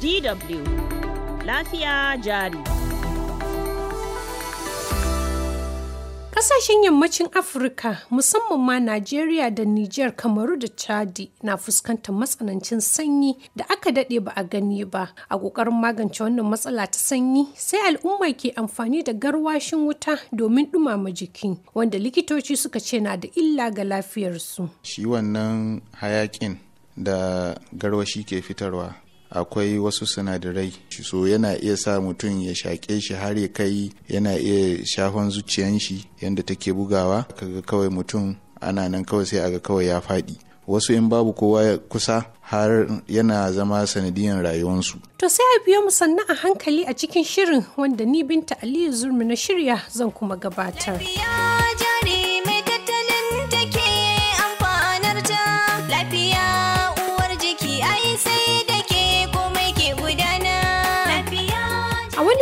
DW lafiya jari. Kasashen yammacin Afirka musamman ma Najeriya da Nijar Kamaru da Chadi na fuskantar matsanancin sanyi da aka daɗe ba a gani ba. A ƙoƙarin magance wannan matsala ta sanyi sai al'umma ke amfani da garwashin wuta domin ɗumama jiki wanda likitoci suka ce na da illa ga lafiyarsu. Shi wannan hayaƙin da garwashi ke fitarwa akwai wasu sinadarai so yana iya sa mutum ya shaƙe shi har ya kai yana iya shafan zuciyan shi yadda take bugawa kaga kawai mutum ana nan kawai sai aga kawai ya faɗi wasu in babu kowa kusa har yana zama sanadiyan rayuwansu To sai a biyo mu sannan a hankali a cikin shirin wanda ni binta Aliyu Zurmi na shirya zan kuma gabatar.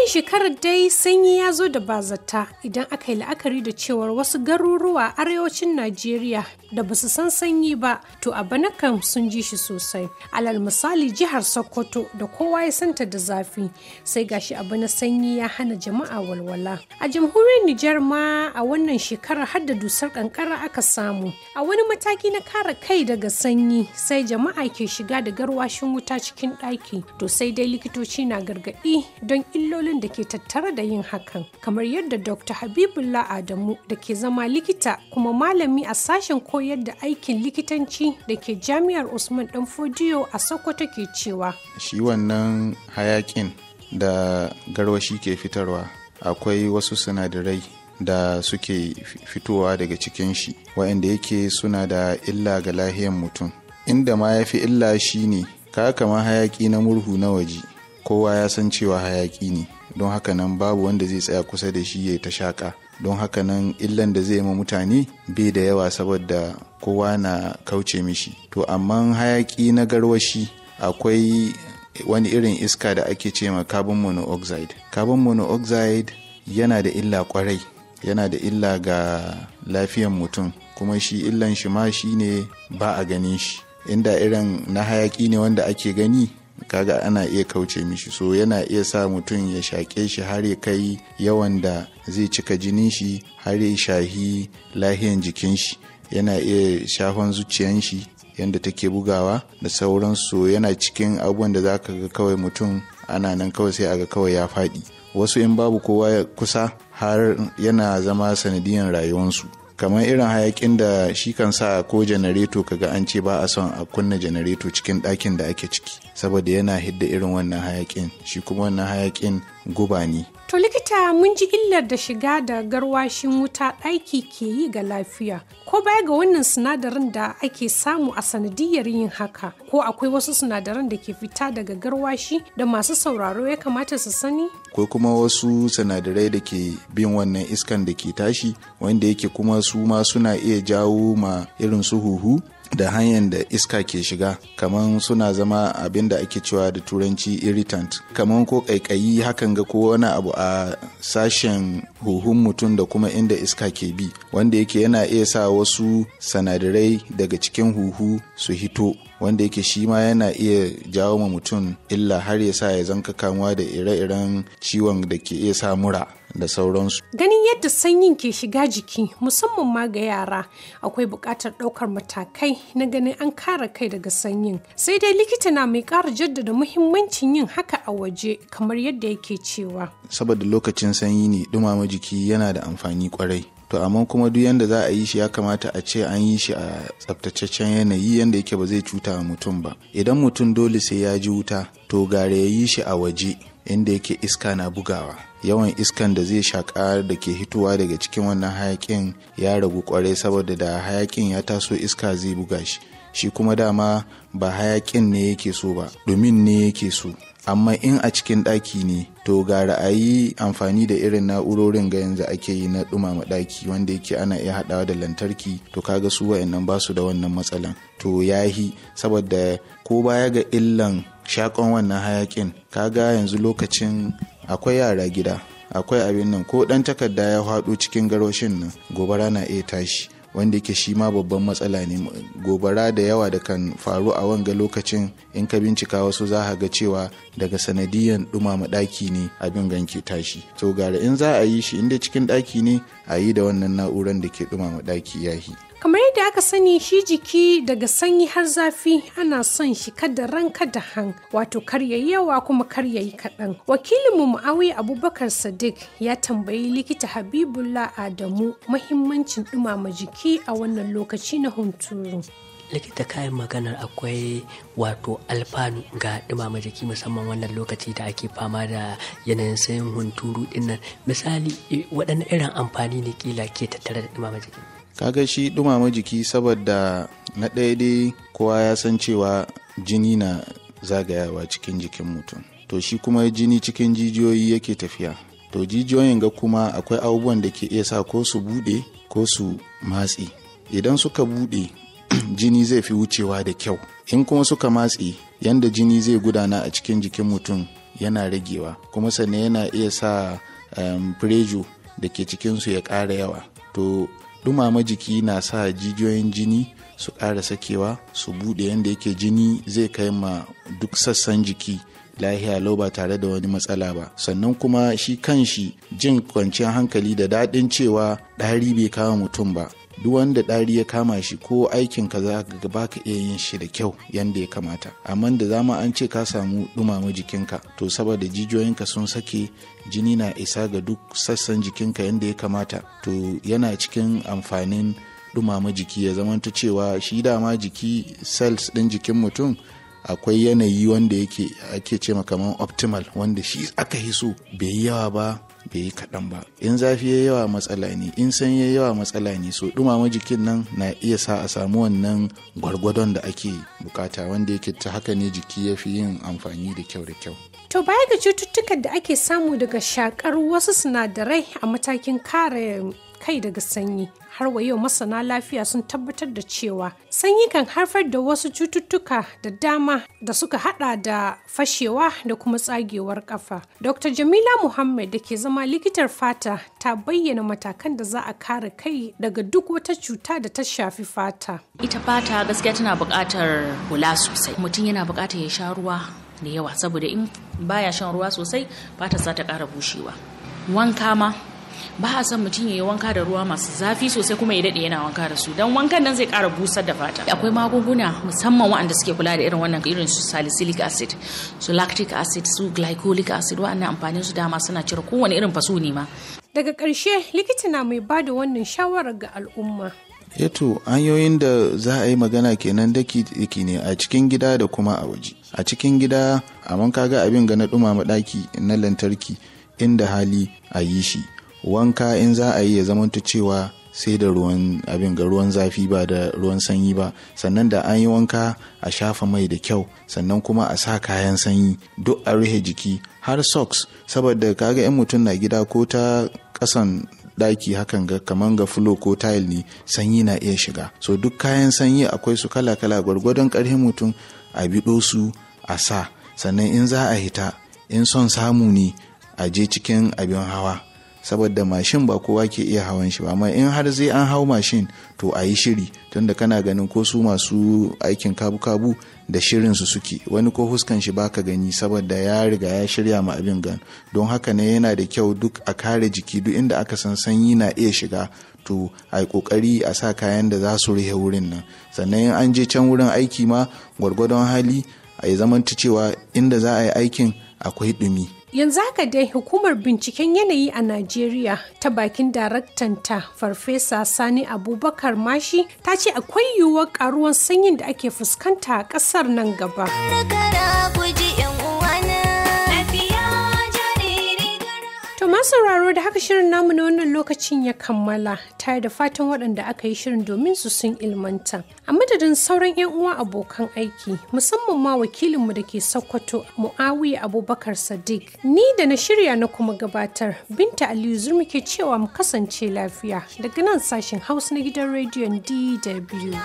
shekarar dai sanyi ya zo da bazata idan aka yi la'akari da cewar wasu garuruwa a arewacin Najeriya da ba su san sanyi ba to a bana kan sun ji shi sosai alal misali jihar sokoto da kowa ya santa da zafi sai gashi abu na sanyi ya hana jama'a walwala a jamhuriyar nijar ma a wannan shekarar har da dusar kankara aka samu a wani mataki na kare kai daga sanyi sai jama'a ke shiga da garwashin wuta cikin ɗaki to sai dai likitoci na gargaɗi don illolin da ke tattare da yin hakan kamar yadda dr habibullah adamu da ke zama likita kuma malami a sashen ko koyar da aikin likitanci da ke jami'ar usman dan fodiyo a sokoto ke cewa shi wannan hayakin da garwashi ke fitarwa akwai wasu sinadarai da suke fitowa daga cikin shi waɗanda yake suna da illa ga lahiyan mutum inda ma ya fi illa shi ne ka kama hayaki na murhu na waje kowa ya san cewa hayaki ne don haka nan babu wanda zai tsaya kusa da shi ya ta shaƙa don haka nan illan da zai ma mutane bai da yawa saboda kowa na kauce mishi to amma hayaki na garwashi akwai wani irin iska da ake ce ma carbon monoxide carbon monoxide yana da illa kwarai yana da illa ga lafiyan mutum kuma shi illan shi ma shi ne ba a ganin shi inda irin na hayaki ne wanda ake gani kaga ana iya kauce mishi so yana iya sa mutum ya shaƙe shi har ya kai yawan da zai cika jinin shi har ya shahi lahiyan jikin shi yana iya shafan zuciyan shi yadda take bugawa da sauransu yana cikin abubuwan da za ka ga kawai mutum ana nan kawai sai a ga kawai ya faɗi wasu in babu kowa ya kusa har yana zama sanadiyan rayuwansu kamar irin hayakin da shi kan sa ko janareto kaga an ce ba a son a kunna janareto cikin ɗakin da ake ciki saboda yana hidda irin wannan hayakin shi kuma wannan hayakin guba ne to likita mun ji illar da shiga da garwashin wuta ɗaki ke yi ga lafiya ko baya ga wannan sinadarin da ake samu a sanadiyar yin haka ko akwai wasu sinadaran da ke fita daga garwashi da masu sauraro ya kamata su sani ko kuma wasu sinadarai da ke bin wannan iskan da ke tashi wanda yake kuma su ma suna iya jawo ma irin su huhu da hanyar da iska ke shiga kamar suna zama abin da ake cewa da turanci irritant kamar ko kaikayi hakan ga ko wani abu a sashen huhun mutum da kuma inda iska ke bi wanda yake yana iya sa wasu sanadarai daga cikin huhu su hito wanda yake shi ma yana iya jawo ma mutum illa har ya sa ya zanka kamuwa da ire-iren ciwon da ke iya sa mura da sauransu. Ganin yadda sanyin ke shiga jiki musamman ma ga yara akwai buƙatar ɗaukar matakai na ganin an kare kai daga sanyin. Sai dai likita na mai ƙara jaddada muhimmancin yin haka a waje kamar yadda yake cewa. Saboda lokacin sanyi ne dumama jiki yana da amfani kwarai. To amma kuma duk yanda za a yi shi ya kamata a ce an yi shi a tsaftataccen yanayi yanda yake ba zai cuta mutum ba. Idan mutum dole sai ya ji wuta to gare ya yi shi a waje. inda yake iska na bugawa yawan iskan da zai shaƙa da ke hitowa daga cikin wannan hayakin ya ragu kwarai saboda da hayakin ya taso iska zai buga shi shi kuma dama ba hayakin ne yake so ba domin ne yake so amma in a cikin ɗaki ne to ga ra'ayi amfani da irin na'urorin ga yanzu ake yi na ɗumama ɗaki wanda yake ana iya haɗawa da lantarki to kaga su wa'annan ba su da wannan matsalan to yahi saboda ko baya ga illan shakon wannan hayakin kaga yanzu lokacin akwai yara gida akwai abin nan ko dan takarda ya faɗo cikin garoshin nan gobara na iya tashi wanda yake shi ma babban matsala ne gobara da yawa da kan faru a wanga lokacin in ka bincika wasu za ga cewa daga sanadiyan dumama ɗaki ne abin ganke tashi to gara in za a yi shi inda cikin ɗaki ne a yi da wannan na'urar da ke dumama ɗaki yahi kamar yadda aka sani shi jiki daga sanyi har zafi ana son shi kada ran kada han wato kar yawa kuma kar yayi kaɗan mu mu'awiya abubakar sadiq ya tambayi likita habibullah adamu mahimmancin ɗumama jiki a wannan lokaci na hunturu likita kayan maganar akwai wato alfanu ga dumama jiki musamman wannan lokaci da ake fama da yanayin sayan hunturu dinnan misali eh, waɗanne irin amfani ne kila ke tattare da dumama jiki kaga shi dumama jiki saboda na ɗaya dai kowa ya san cewa jini na zagayawa cikin jikin mutum to shi kuma jini cikin jijiyoyi yake tafiya to jijiyoyin ga kuma akwai abubuwan da ke iya sa ko su buɗe ko su matsi idan suka buɗe jini zai fi wucewa da kyau in kuma suka matsi yanda jini zai gudana a cikin jikin mutum yana ragewa kuma sannan yana iya sa um, da ke cikinsu ya ƙara yawa to dumama jiki na sa jijiyoyin jini su ƙara sakewa su buɗe yadda yake jini zai kai ma duk sassan jiki lahiya lau ba tare da wani matsala ba sannan kuma shi kanshi jin kwanciyar hankali da daɗin cewa ɗari bai kawo mutum ba duk wanda ɗari ya kama shi ko aikin ka za ka ba ka iya yin shi da kyau yanda ya kamata amma da zama an ce ka samu dumama jikinka to saboda jijiyoyinka sun sake jini na isa ga duk sassan jikinka yanda ya kamata to yana cikin amfanin dumama jiki ya ta cewa shi dama jiki cells ɗin jikin mutum akwai yanayi wanda yake ake ce kamar optimal wanda shi aka hiso bai yi yawa ba bai yi kaɗan ba in zafi ya yawa matsala ne in san ya yawa matsala ne so ɗumama jikin nan na iya sa a samu wannan gwargwadon da ake bukata wanda yake ta haka ne jiki ya fi yin amfani da kyau da kyau To baya ga cututtukan da ake samu daga shakar wasu sinadarai a matakin kare kai daga sanyi har wa yau masana lafiya sun tabbatar da cewa sanyi kan haifar da wasu cututtuka da dama da suka hada da fashewa da kuma tsagewar kafa dr jamila muhammad da ke zama likitar fata ta bayyana matakan da za a kare kai daga duk wata cuta da ta shafi fata ita fata gaskiya tana buƙatar kula sosai mutum yana buƙatar ya sha ruwa da yawa saboda in baya shan ruwa sosai fata za ta ƙara bushewa wanka ma ba a son mutum ya yi wanka da ruwa masu zafi sosai kuma ya daɗe yana wanka da su don wankan nan zai ƙara busar da fata akwai magunguna musamman waɗanda suke kula da irin wannan irin su salicylic acid su lactic acid su glycolic acid waɗannan amfanin su dama suna cire kowane irin faso ne ma daga ƙarshe likita na mai bada wannan shawarar ga al'umma yato eh hanyoyin da za a yi magana kenan daki-daki ne a cikin gida da kuma a waje a cikin gida a man kaga abin ga na dumama daki na lantarki inda hali a yi shi wanka in za a yi ya cewa sai da ruwan abin ga ruwan zafi ba da ruwan sanyi ba sannan da an yi wanka a shafa mai da kyau sannan kuma a sa kayan sanyi duk a rufe jiki har socks saboda kaga yan mutum na gida ko ta kasan daki hakan ga kaman ga fulo ko tile ne sanyi na iya shiga so duk kayan sanyi akwai su kala kala gwargwadon karhin mutum a biɗo su a sa sannan in za a hita in son samu ne a je cikin abin hawa saboda mashin ba kowa ke iya hawan shi ba amma in har zai an hau mashin to a yi shiri tunda kana ganin ko su masu aikin kabu-kabu da shirin su suke wani ko huskan shi baka gani saboda ya riga ya shirya ma abin gan don haka ne yana da kyau duk a kare jiki duk inda aka san sanyi na iya shiga to a kokari a sa kayan da za su rihe wurin nan sannan in an je can wurin aiki ma gwargwadon hali a yi zamanta cewa inda za a yi aikin akwai ɗumi. Yanzu haka dai hukumar binciken yanayi a Najeriya ta bakin daraktanta Farfesa Sani Abubakar Mashi ta ce akwai yiwuwar karuwan sanyin da ake fuskanta a ƙasar nan gaba. sauraro da haka shirin namu na wannan lokacin ya kammala tare da fatan waɗanda aka yi shirin domin su sun ilmanta. A madadin sauran 'yan uwa abokan aiki musamman ma wakilinmu da ke Sokoto Muawiya Abubakar Sadiq. Ni da na shirya na kuma gabatar Binta Aliyu Zurmi ke cewa mu kasance lafiya daga nan sashen Hausa na gidan rediyon DW.